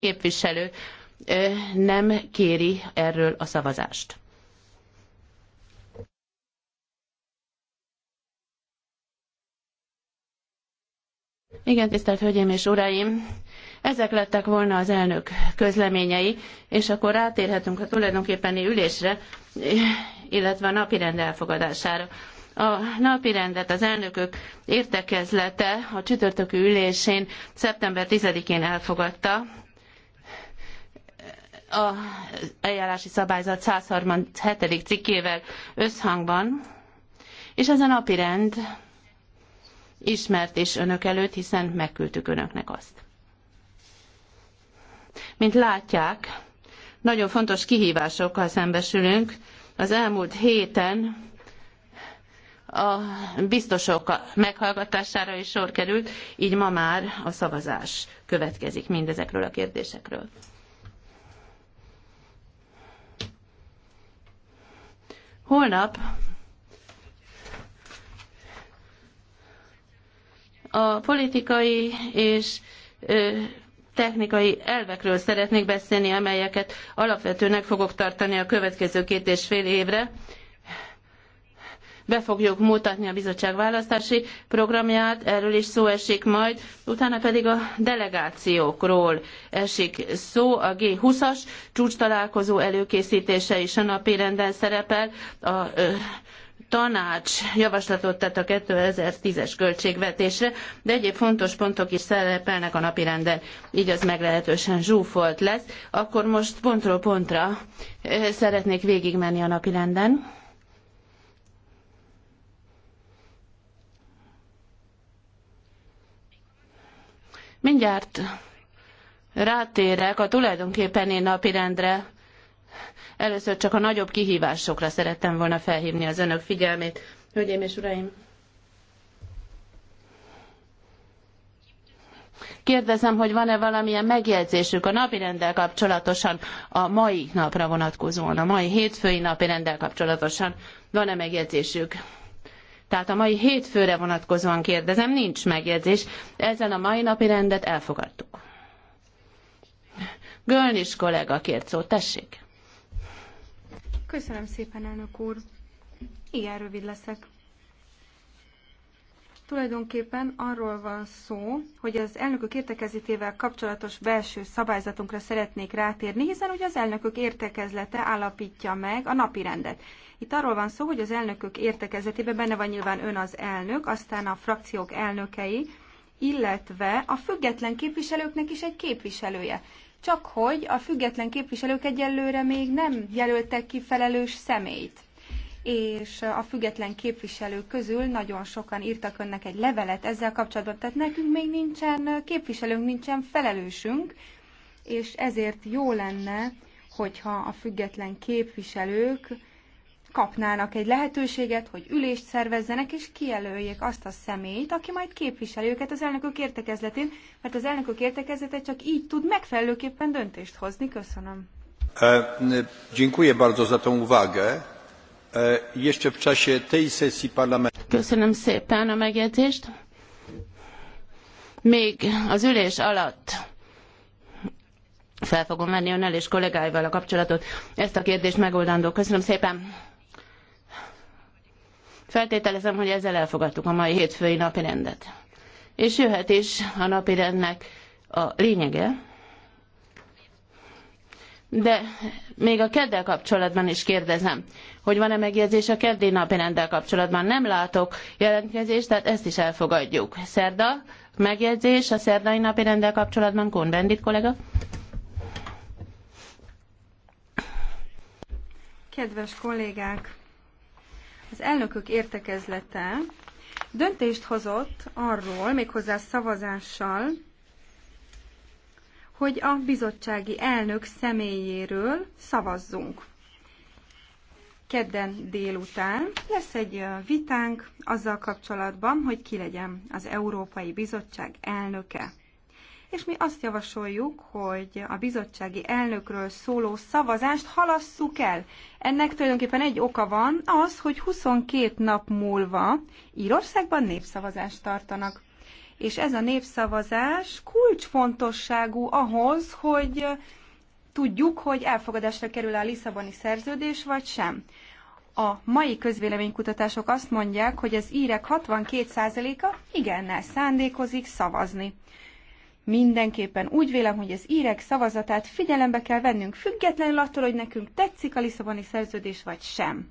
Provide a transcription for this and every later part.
képviselő nem kéri erről a szavazást. Igen, tisztelt Hölgyeim és Uraim! Ezek lettek volna az elnök közleményei, és akkor rátérhetünk a tulajdonképpeni ülésre, illetve a napirend elfogadására. A napirendet az elnökök értekezlete a csütörtökű ülésén szeptember 10-én elfogadta, a eljárási szabályzat 137. cikkével összhangban, és ez a napi rend ismert is önök előtt, hiszen megküldtük önöknek azt. Mint látják, nagyon fontos kihívásokkal szembesülünk. Az elmúlt héten a biztosok meghallgatására is sor került, így ma már a szavazás következik mindezekről a kérdésekről. Holnap a politikai és technikai elvekről szeretnék beszélni, amelyeket alapvetőnek fogok tartani a következő két és fél évre be fogjuk mutatni a bizottság választási programját, erről is szó esik majd, utána pedig a delegációkról esik szó, a G20-as csúcstalálkozó előkészítése is a napirenden szerepel, a ö, tanács javaslatot tett a 2010-es költségvetésre, de egyéb fontos pontok is szerepelnek a napirenden, így az meglehetősen zsúfolt lesz. Akkor most pontról pontra szeretnék végigmenni a napirenden. Mindjárt rátérek a tulajdonképpeni napirendre. Először csak a nagyobb kihívásokra szerettem volna felhívni az önök figyelmét. Hölgyeim és uraim! Kérdezem, hogy van-e valamilyen megjegyzésük a rendel kapcsolatosan, a mai napra vonatkozóan, a mai hétfői rendel kapcsolatosan. Van-e megjegyzésük? Tehát a mai hétfőre vonatkozóan kérdezem, nincs megjegyzés. Ezen a mai napi rendet elfogadtuk. Gölnis kollega kért szót, tessék. Köszönöm szépen, elnök úr. Igen, rövid leszek. Tulajdonképpen arról van szó, hogy az elnökök értekezletével kapcsolatos belső szabályzatunkra szeretnék rátérni, hiszen ugye az elnökök értekezlete állapítja meg a napi rendet. Itt arról van szó, hogy az elnökök értekezletében benne van nyilván ön az elnök, aztán a frakciók elnökei, illetve a független képviselőknek is egy képviselője. Csak hogy a független képviselők egyelőre még nem jelöltek ki felelős személyt és a független képviselők közül nagyon sokan írtak önnek egy levelet ezzel kapcsolatban, tehát nekünk még nincsen képviselőnk, nincsen felelősünk, és ezért jó lenne, hogyha a független képviselők kapnának egy lehetőséget, hogy ülést szervezzenek, és kijelöljék azt a személyt, aki majd képviseli őket az elnökök értekezletén, mert az elnökök értekezlete csak így tud megfelelőképpen döntést hozni. Köszönöm. E, dziękuję bardzo za tą uwagę. E, jeszcze w czasie tej sesji parlamentu. Köszönöm szépen a megjegyzést. Még az ülés alatt fel fogom venni önnel és kollégáival a kapcsolatot. Ezt a kérdést megoldandó. Köszönöm szépen. Feltételezem, hogy ezzel elfogadtuk a mai hétfői napirendet. És jöhet is a napirendnek a lényege, de még a keddel kapcsolatban is kérdezem, hogy van-e megjegyzés a keddi napi rendel kapcsolatban. Nem látok jelentkezést, tehát ezt is elfogadjuk. Szerda, megjegyzés a szerdai napi rendel kapcsolatban, Kohn Bendit kollega. Kedves kollégák, az elnökök értekezlete döntést hozott arról, méghozzá szavazással, hogy a bizottsági elnök személyéről szavazzunk. Kedden délután lesz egy vitánk azzal kapcsolatban, hogy ki legyen az Európai Bizottság elnöke. És mi azt javasoljuk, hogy a bizottsági elnökről szóló szavazást halasszuk el. Ennek tulajdonképpen egy oka van, az, hogy 22 nap múlva Írországban népszavazást tartanak és ez a népszavazás kulcsfontosságú ahhoz, hogy tudjuk, hogy elfogadásra kerül a Lisszaboni szerződés, vagy sem. A mai közvéleménykutatások azt mondják, hogy az írek 62%-a igennel szándékozik szavazni. Mindenképpen úgy vélem, hogy az írek szavazatát figyelembe kell vennünk, függetlenül attól, hogy nekünk tetszik a Lisszaboni szerződés, vagy sem.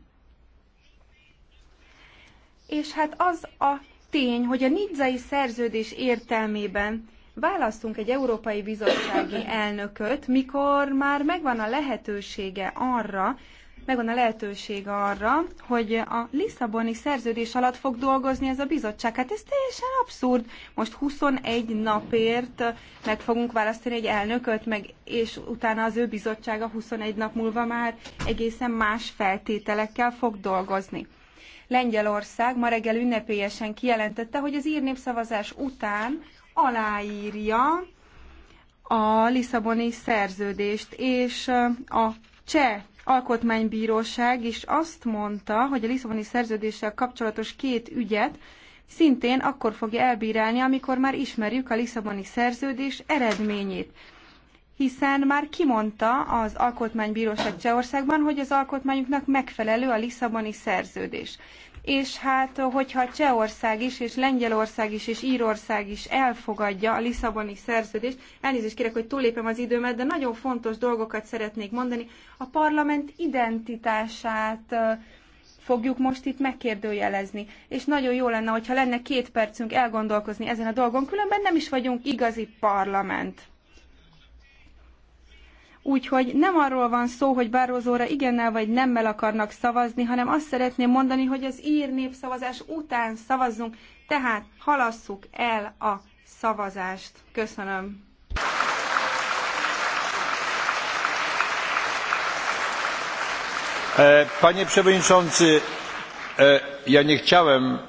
És hát az a tény, hogy a nidzai szerződés értelmében választunk egy európai bizottsági elnököt, mikor már megvan a lehetősége arra, megvan a lehetőség arra, hogy a Lisszaboni szerződés alatt fog dolgozni ez a bizottság. Hát ez teljesen abszurd. Most 21 napért meg fogunk választani egy elnököt, meg, és utána az ő bizottsága 21 nap múlva már egészen más feltételekkel fog dolgozni. Lengyelország ma reggel ünnepélyesen kijelentette, hogy az ír népszavazás után aláírja a Lisszaboni szerződést, és a cseh alkotmánybíróság is azt mondta, hogy a Lisszaboni szerződéssel kapcsolatos két ügyet szintén akkor fogja elbírálni, amikor már ismerjük a Lisszaboni szerződés eredményét hiszen már kimondta az Alkotmánybíróság Csehországban, hogy az alkotmányuknak megfelelő a Lisszaboni szerződés. És hát, hogyha Csehország is, és Lengyelország is, és Írország is elfogadja a Lisszaboni szerződést, elnézést kérek, hogy túllépem az időmet, de nagyon fontos dolgokat szeretnék mondani. A parlament identitását fogjuk most itt megkérdőjelezni. És nagyon jó lenne, hogyha lenne két percünk elgondolkozni ezen a dolgon, különben nem is vagyunk igazi parlament. Úgyhogy nem arról van szó, hogy Barrozóra igennel vagy nemmel akarnak szavazni, hanem azt szeretném mondani, hogy az ír népszavazás után szavazzunk, tehát halasszuk el a szavazást. Köszönöm. E, panie Przewodniczący, e, ja nie chciałem,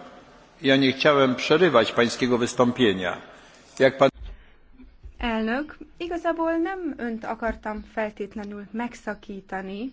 ja nie chciałem przerywać Pańskiego wystąpienia. Jak pan... Elnök, igazából nem önt akartam feltétlenül megszakítani,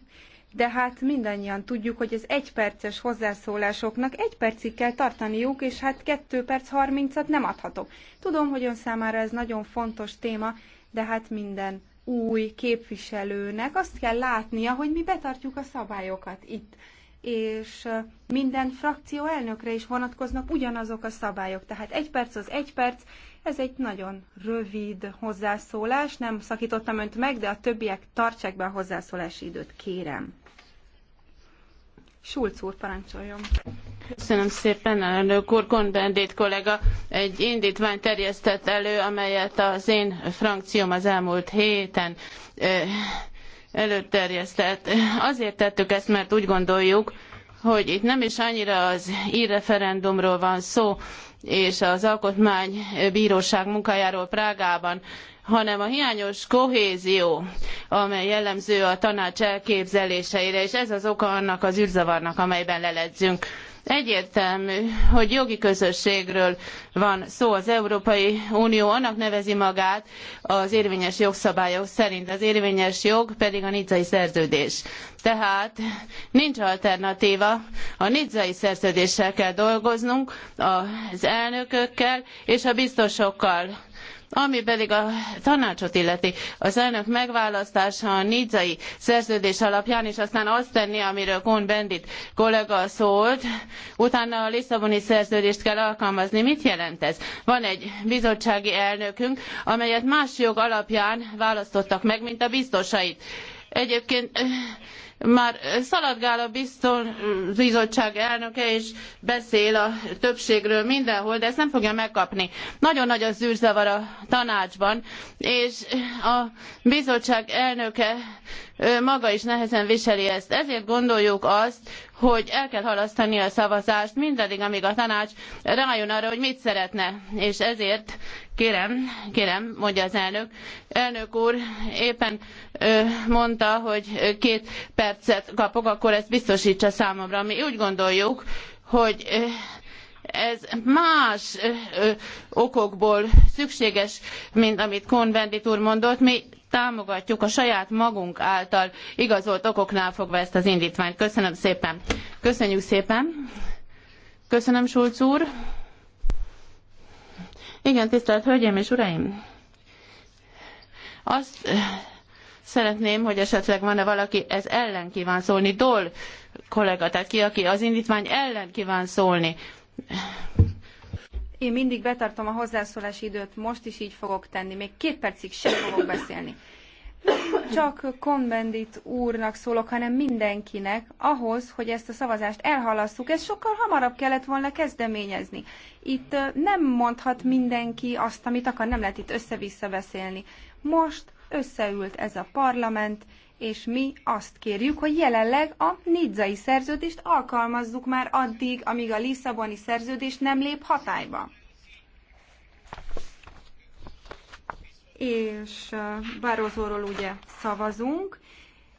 de hát mindannyian tudjuk, hogy az egyperces hozzászólásoknak egy percig kell tartaniuk, és hát kettő perc harmincat nem adhatok. Tudom, hogy ön számára ez nagyon fontos téma, de hát minden új képviselőnek azt kell látnia, hogy mi betartjuk a szabályokat itt. És minden frakció elnökre is vonatkoznak ugyanazok a szabályok. Tehát egy perc az egy perc, ez egy nagyon rövid hozzászólás, nem szakítottam önt meg, de a többiek tartsák be a hozzászólási időt, kérem. Schulz úr, parancsoljon. Köszönöm szépen, elnök úr. Bendit kollega egy indítvány terjesztett elő, amelyet az én frakcióm az elmúlt héten előterjesztett. Azért tettük ezt, mert úgy gondoljuk, hogy itt nem is annyira az írreferendumról van szó, és az bíróság munkájáról Prágában, hanem a hiányos kohézió, amely jellemző a tanács elképzeléseire, és ez az oka annak az űrzavarnak, amelyben leledzünk. Egyértelmű, hogy jogi közösségről van szó az Európai Unió, annak nevezi magát az érvényes jogszabályok szerint. Az érvényes jog pedig a nizzai szerződés. Tehát nincs alternatíva, a nizzai szerződéssel kell dolgoznunk, az elnökökkel és a biztosokkal ami pedig a tanácsot illeti, az elnök megválasztása a nidzai szerződés alapján, és aztán azt tenni, amiről Kohn Bendit kollega szólt, utána a Lisszaboni szerződést kell alkalmazni. Mit jelent ez? Van egy bizottsági elnökünk, amelyet más jog alapján választottak meg, mint a biztosait Egyébként eh, már szaladgál a bizottság elnöke, és beszél a többségről mindenhol, de ezt nem fogja megkapni. Nagyon nagy az zűrzavar a tanácsban, és a bizottság elnöke eh, maga is nehezen viseli ezt. Ezért gondoljuk azt, hogy el kell halasztani a szavazást mindaddig, amíg a tanács rájön arra, hogy mit szeretne. És ezért kérem, kérem, mondja az elnök. Elnök úr éppen ö, mondta, hogy két percet kapok, akkor ezt biztosítsa számomra. Mi úgy gondoljuk, hogy ö, ez más ö, ö, okokból szükséges, mint amit Kohn-Bendit úr mondott. Mi támogatjuk a saját magunk által igazolt okoknál fogva ezt az indítványt. Köszönöm szépen. Köszönjük szépen. Köszönöm, Schulz úr. Igen, tisztelt Hölgyeim és Uraim! Azt eh, szeretném, hogy esetleg van-e valaki, ez ellen kíván szólni. Dol kollega, tehát ki, aki az indítvány ellen kíván szólni. Én mindig betartom a hozzászólási időt, most is így fogok tenni, még két percig sem fogok beszélni. Csak Konbendit úrnak szólok, hanem mindenkinek, ahhoz, hogy ezt a szavazást elhalasszuk, ezt sokkal hamarabb kellett volna kezdeményezni. Itt nem mondhat mindenki azt, amit akar, nem lehet itt össze-vissza beszélni. Most összeült ez a parlament, és mi azt kérjük, hogy jelenleg a nidzai szerződést alkalmazzuk már addig, amíg a Lisszaboni szerződés nem lép hatályba. És uh, Barozóról ugye szavazunk,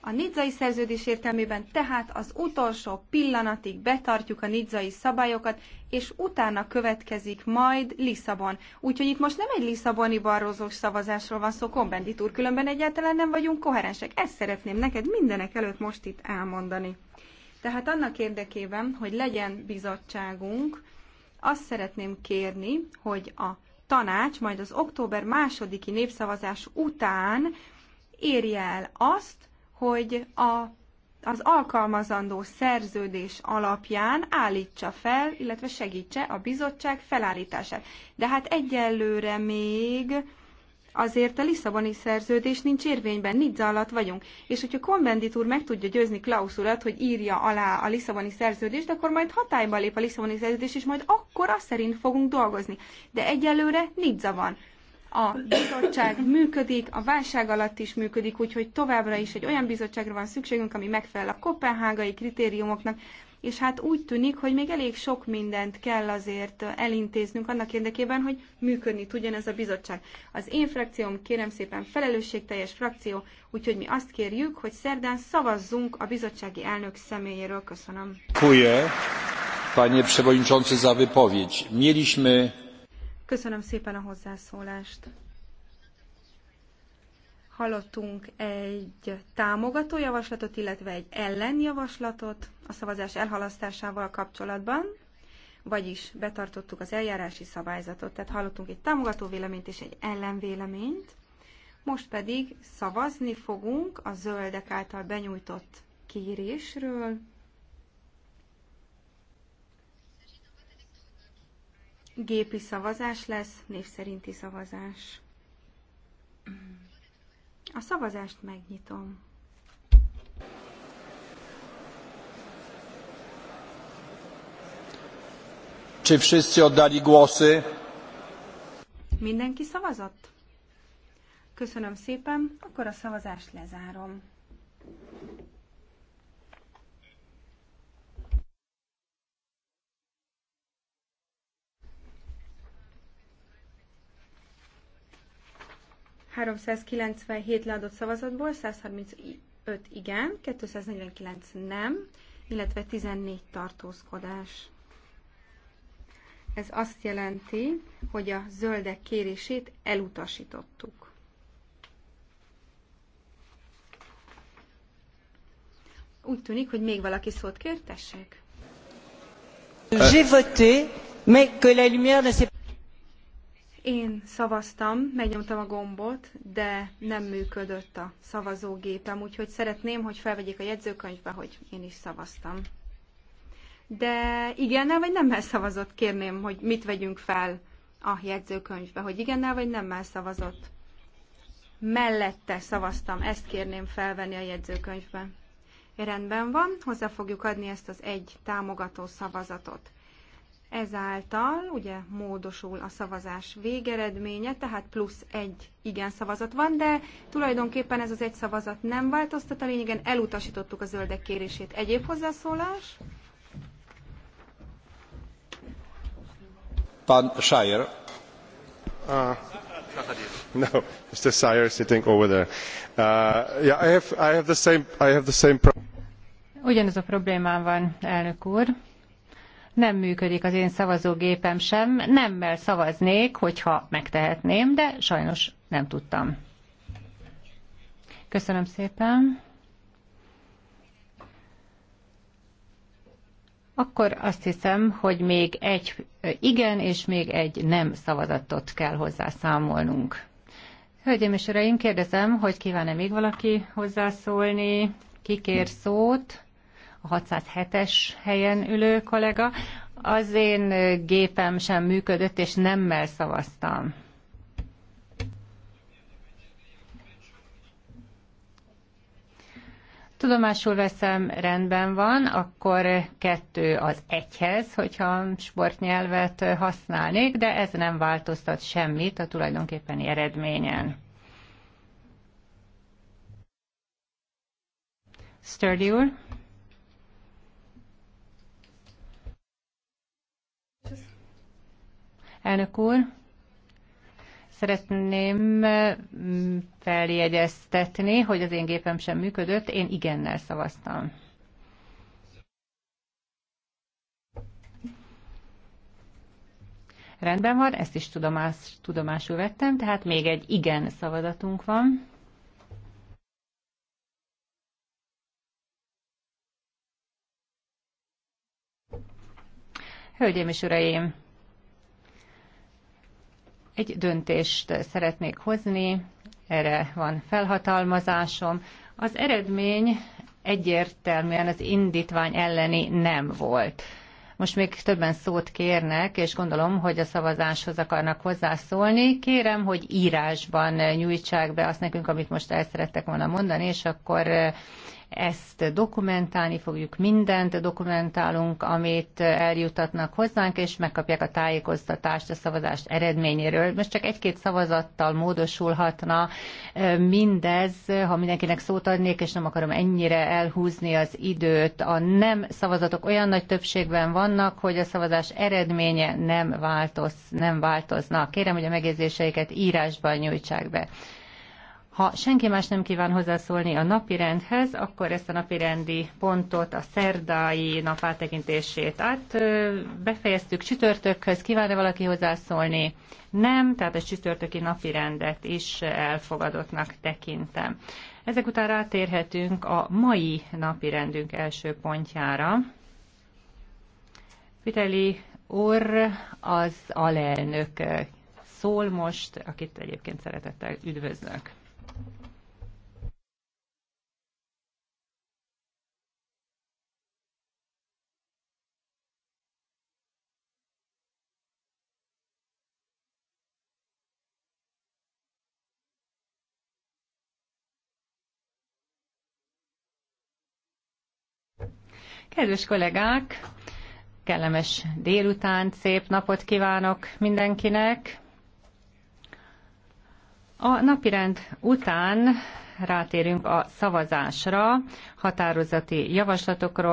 a nidzai szerződés értelmében tehát az utolsó pillanatig betartjuk a nidzai szabályokat, és utána következik majd Lisszabon. Úgyhogy itt most nem egy Lisszaboni barrózós szavazásról van szó, Kombendit úr, különben egyáltalán nem vagyunk koherensek. Ezt szeretném neked mindenek előtt most itt elmondani. Tehát annak érdekében, hogy legyen bizottságunk, azt szeretném kérni, hogy a tanács majd az október másodiki népszavazás után érje el azt, hogy a, az alkalmazandó szerződés alapján állítsa fel, illetve segítse a bizottság felállítását. De hát egyelőre még azért a Lisszaboni szerződés nincs érvényben, nincs alatt vagyunk. És hogyha Konbendit úr meg tudja győzni Klaus urat, hogy írja alá a Lisszaboni szerződést, akkor majd hatályba lép a Lisszaboni szerződés, és majd akkor azt szerint fogunk dolgozni. De egyelőre nincs van a bizottság működik, a válság alatt is működik, úgyhogy továbbra is egy olyan bizottságra van szükségünk, ami megfelel a kopenhágai kritériumoknak, és hát úgy tűnik, hogy még elég sok mindent kell azért elintéznünk annak érdekében, hogy működni tudjon ez a bizottság. Az én frakcióm kérem szépen felelősségteljes frakció, úgyhogy mi azt kérjük, hogy szerdán szavazzunk a bizottsági elnök személyéről. Köszönöm. Dziękuję, panie przewodniczący, za wypowiedź. Mieliśmy Köszönöm szépen a hozzászólást. Hallottunk egy támogató javaslatot, illetve egy ellenjavaslatot a szavazás elhalasztásával kapcsolatban, vagyis betartottuk az eljárási szabályzatot, tehát hallottunk egy támogató véleményt és egy ellenvéleményt. Most pedig szavazni fogunk a zöldek által benyújtott kérésről. Gépi szavazás lesz, név szerinti szavazás. A szavazást megnyitom. Czy wszyscy oddali głosy? Mindenki szavazott? Köszönöm szépen, akkor a szavazást lezárom. 397 leadott szavazatból 135 igen, 249 nem, illetve 14 tartózkodás. Ez azt jelenti, hogy a zöldek kérését elutasítottuk. Úgy tűnik, hogy még valaki szót kér, J'ai voté, mais que la lumière ne s'est én szavaztam, megnyomtam a gombot, de nem működött a szavazógépem, úgyhogy szeretném, hogy felvegyék a jegyzőkönyvbe, hogy én is szavaztam. De igennel vagy nemmel szavazott, kérném, hogy mit vegyünk fel a jegyzőkönyvbe, hogy igennel vagy nemmel szavazott. Mellette szavaztam, ezt kérném felvenni a jegyzőkönyvbe. Rendben van, hozzá fogjuk adni ezt az egy támogató szavazatot. Ezáltal ugye módosul a szavazás végeredménye, tehát plusz egy igen szavazat van, de tulajdonképpen ez az egy szavazat nem változtat a lényegen, elutasítottuk a zöldek kérését. Egyéb hozzászólás? Pan Shire. Uh, no, Mr. Shire sitting over there. Uh, yeah, I have, I have the same, I have the same problem. Ugyanaz a problémám van, elnök úr nem működik az én szavazógépem sem, nemmel szavaznék, hogyha megtehetném, de sajnos nem tudtam. Köszönöm szépen. Akkor azt hiszem, hogy még egy igen és még egy nem szavazatot kell hozzászámolnunk. Hölgyeim és Uraim, kérdezem, hogy kíván-e még valaki hozzászólni, kikér szót? 607-es helyen ülő kollega, az én gépem sem működött, és nemmel szavaztam. Tudomásul veszem, rendben van, akkor kettő az egyhez, hogyha sportnyelvet használnék, de ez nem változtat semmit a tulajdonképpeni eredményen. Sturdy úr? Elnök úr, szeretném mm, feljegyeztetni, hogy az én gépem sem működött, én igennel szavaztam. Rendben van, ezt is tudomás, tudomásul vettem, tehát még egy igen szavazatunk van. Hölgyeim és uraim, egy döntést szeretnék hozni, erre van felhatalmazásom. Az eredmény egyértelműen az indítvány elleni nem volt. Most még többen szót kérnek, és gondolom, hogy a szavazáshoz akarnak hozzászólni. Kérem, hogy írásban nyújtsák be azt nekünk, amit most el szerettek volna mondani, és akkor ezt dokumentálni fogjuk, mindent dokumentálunk, amit eljutatnak hozzánk, és megkapják a tájékoztatást a szavazást eredményéről. Most csak egy-két szavazattal módosulhatna mindez, ha mindenkinek szót adnék, és nem akarom ennyire elhúzni az időt. A nem szavazatok olyan nagy többségben vannak, hogy a szavazás eredménye nem, változ, nem változna. Kérem, hogy a megjegyzéseiket írásban nyújtsák be. Ha senki más nem kíván hozzászólni a napirendhez, akkor ezt a napirendi pontot, a szerdai nap áttekintését át befejeztük csütörtökhöz. Kíván-e valaki hozzászólni? Nem, tehát a csütörtöki napirendet is elfogadottnak tekintem. Ezek után rátérhetünk a mai napirendünk első pontjára. Viteli Orr az alelnök szól most, akit egyébként szeretettel üdvözlök. Kedves kollégák, kellemes délután, szép napot kívánok mindenkinek. A napirend után rátérünk a szavazásra, határozati javaslatokról,